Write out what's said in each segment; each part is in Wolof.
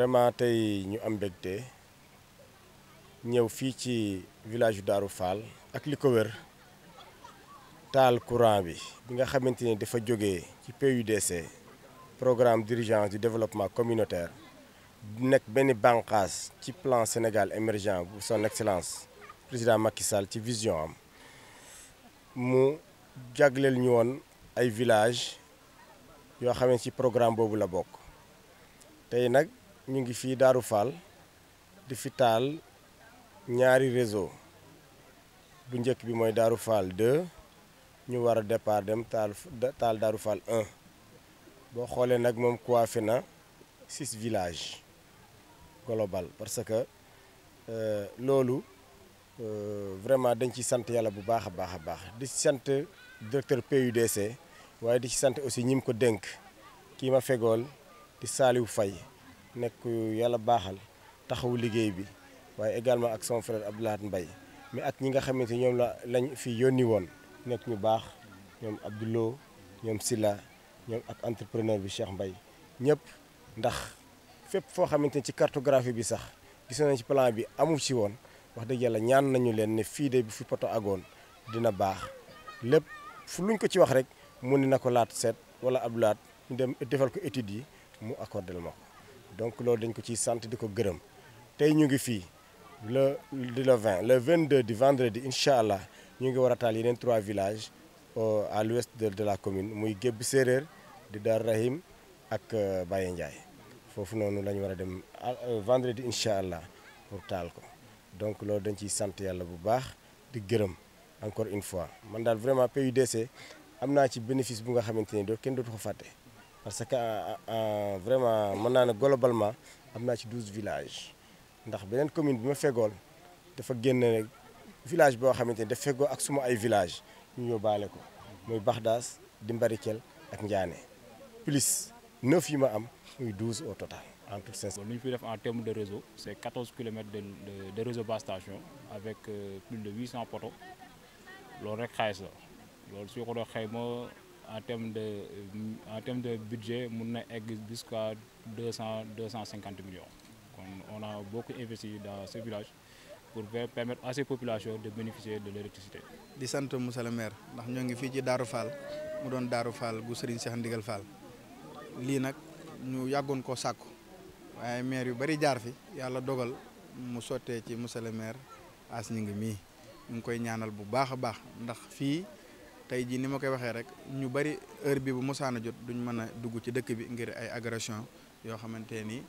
vraiment tey ñu am mbégte ñëw fii ci village yu Daaru Fall ak li ko wër taal courant bi bi nga xamante ni dafa jóge ci PUDC programme d'urgence du développement communautaire nekk benn banqaas ci plan Sénégal émergent bu son excellence président Macky ci vision am mu jagleel ñu ay village yoo xaman ne ci programme boobu la bokk tey nag ñu ngi fii Daaru Fall di fi taal ñaari réseau bu njëkk bi mooy Daaru Fall 2 ñu war a départ dem taal Daaru Fall boo xoolee nag moom coiffé na six village global parce que euh, loolu euh, vraiment dañ ci sant yàlla bu baax a baax a baax di sant directeur PUDC waaye di ci sant aussi ñi mu ko dénk kii ma fegool di Saliou fay nekk yàlla baaxal taxawu liggéey bi waaye également ak son frère Abdoulahat Mbaye mais ak ñi nga xamante ñoom la lañ fi yónni woon nekk ñu baax ñoom Abdoulou ñoom Silla ñoom ak entrepreneur bi Cheikh mbay ñëpp ndax fépp foo xamante ni ci cartographie bi sax gis nañ ci plan bi amu ci woon wax dëgg yàlla ñaan nañu leen ne fii de bu fi poto agoon dina baax lépp fu luñ ko ci wax rek mun ne na ko laat seet wala ab laat ñu dem defal ko études yi mu accordel ma donc loolu dañ ko ciy sant di ko gërëm tey ñu ngi fii le di le 20 le 22 di vendredi incha allah ñu ngi war a taal yeneen trois villages à l'ouest de la commune muy Gébb Séeréer di Dar Rahim ak euh, Baye Ndiaye foofu noonu lañu ñu war a dem euh, vendredi incha allah pour taal ko donc loolu dañ ciy sant yàlla bu baax di gërëm encore une fois man daal vraiment PUDC am naa ci bénéfice bu nga xamante ni doo kenn dootu ko fàtte. parce que euh, euh, vraiment mën naa ne globalement am naa ci douze village ndax beneen commune bi ma fegool dafa génn village boo xamante ni daf fegoo ak suma ay village ñu yóbbaale ko muy Baxdaas di Mbarikel ak Ndiané plus neuf yi ma am muy douze au total en tout sens. lu ñu fi def en terme de réseau c' est quatorze kilomètres de de réseau bas station avec euh, plus de huit cent poteaux loolu rek xaalis la loolu su ko doon xayma. en termes euh, de budget mun na egg jusqu'à deux cent deux cent cinquante millions kon on a beaucoup investi dans ce pour permettre à ces population de bénéficier de l'électricité di sant Moussa le maire ndax ñoo ngi fii ci Daaru Fall mu doon Daaru Fall gu Serigne Cheikh Ndigal Fall lii nag ñu yàggoon ko sàkku waaye maire yu bari jaar fi yàlla dogal mu sottee ci Moussa le maire as ñu ngi mii ñu ngi koy ñaanal bu baax a baax ndax fii tey jii ni ma koy waxee rek ñu bari heure bi bu mosaan a jot duñ mën a dugg ci dëkk bi ngir ay agression yoo xamante ni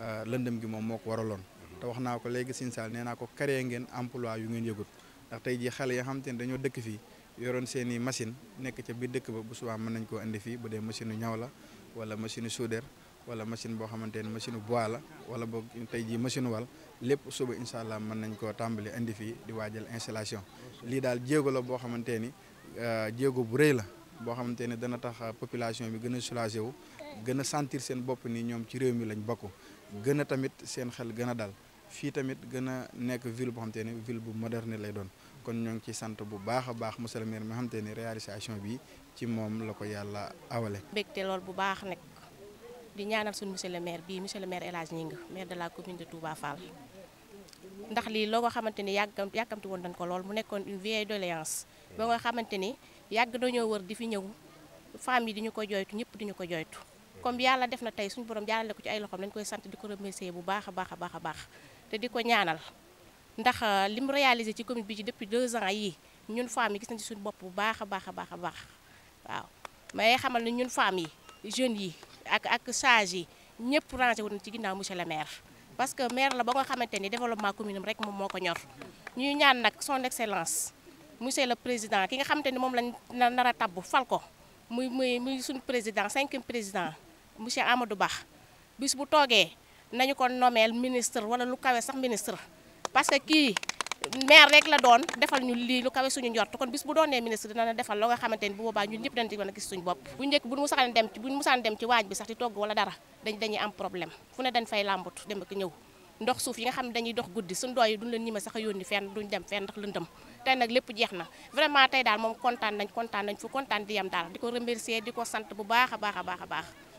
euh, lëndëm gi moom moo ko waraloon. te wax naa ko léegi Sine Sall nee naa ko créé ngeen emploi yu ngeen yëgut ndax tey jii xale yoo xamante ni dañoo dëkk fii yoroon seen i machine nekk ca biir dëkk ba bu subaa mën nañ koo indi fii ba dee machine ñaw la wala machine soudeur wala machine boo xamante ni machine bois la wala boo tey jii machine wal lépp suba incha allah mën nañ koo tàmbali indi fii di waajal installation lii Euh, jéego bu rëy la boo xamante ne dana tax population bi gën a soulagé wu gën a sentir seen bopp ni ñoom ci réew mi lañ bokk gën a tamit seen xel gën a dal fii tamit gën a nekk ville boo xamante ne ville bu moderne lay doon kon ñoo ngi ciy sant bu baax a baax monsieur le maire mi nga xamante ne réalisation bi ci moom la ko yàlla awale. mbégte lool bu baax nag. di ñaanal suñu monsieur le maire bii monsieur le maire El Hadj Gningue maire de la commune de Touba Fall ndax lii loo nga xamante ni yàggam yàkkamti woon dañ ko lool mu nekkoon une vieille doléance boo nga xamante ni yàgg dañoo war di fi ñëw femmes yi di ñu ko jooytu ñëpp di ñu ko jooytu comme yàlla def na tey suñu borom jaarale ko ci ay loxoom dañ koy sant di ko remercier bu baax a baax a baax a baax te di ko ñaanal ndax euh, li mu réalisé ci commune bi ci depuis deux ans yi ñun femmes yi gis nañ ci bopp bu baax a baax a baax a baax waaw may xamal ne ñun jeunes yi ak ak charge yi ñëpp rangé wu ci ginnaaw monsieur le maire parce que maire la ba nga xamante ni développement commune rek moom moo ko ñor ñuy ñaan nag son excellence monsieur le président ki nga xamante ni moom lañ nar a tabb fal ko muy muy muy suñu président cinq président monsieur du baax bis bu toogee nañu ko nomeel ministre wala lu kawee sax ministre parce que maire rek la doon defal ñu lii lu kawe suñu njort kon bis bu doonee ministre dina na defal loo nga xamante ni bu boobaa ñun ñëpp dañ ci a gis suñu bopp bu njëkk buñ musaan dem ci buñ bi sax di togg wala dara dañ dañuy am problème fu ne dañ fay làmbatu dem ak ñëw ndox suuf yi nga xam ne dañuy dox guddi suñu doy yi duñ leen ñima sax a yónni fenn duñ dem fenn ndax lëndëm tey nag lépp jeex na vraiment tey daal moom kontaan nañ kontaan nañ fu kontaan di yam daal di ko remercier di ko sant bu baax a a baax a baax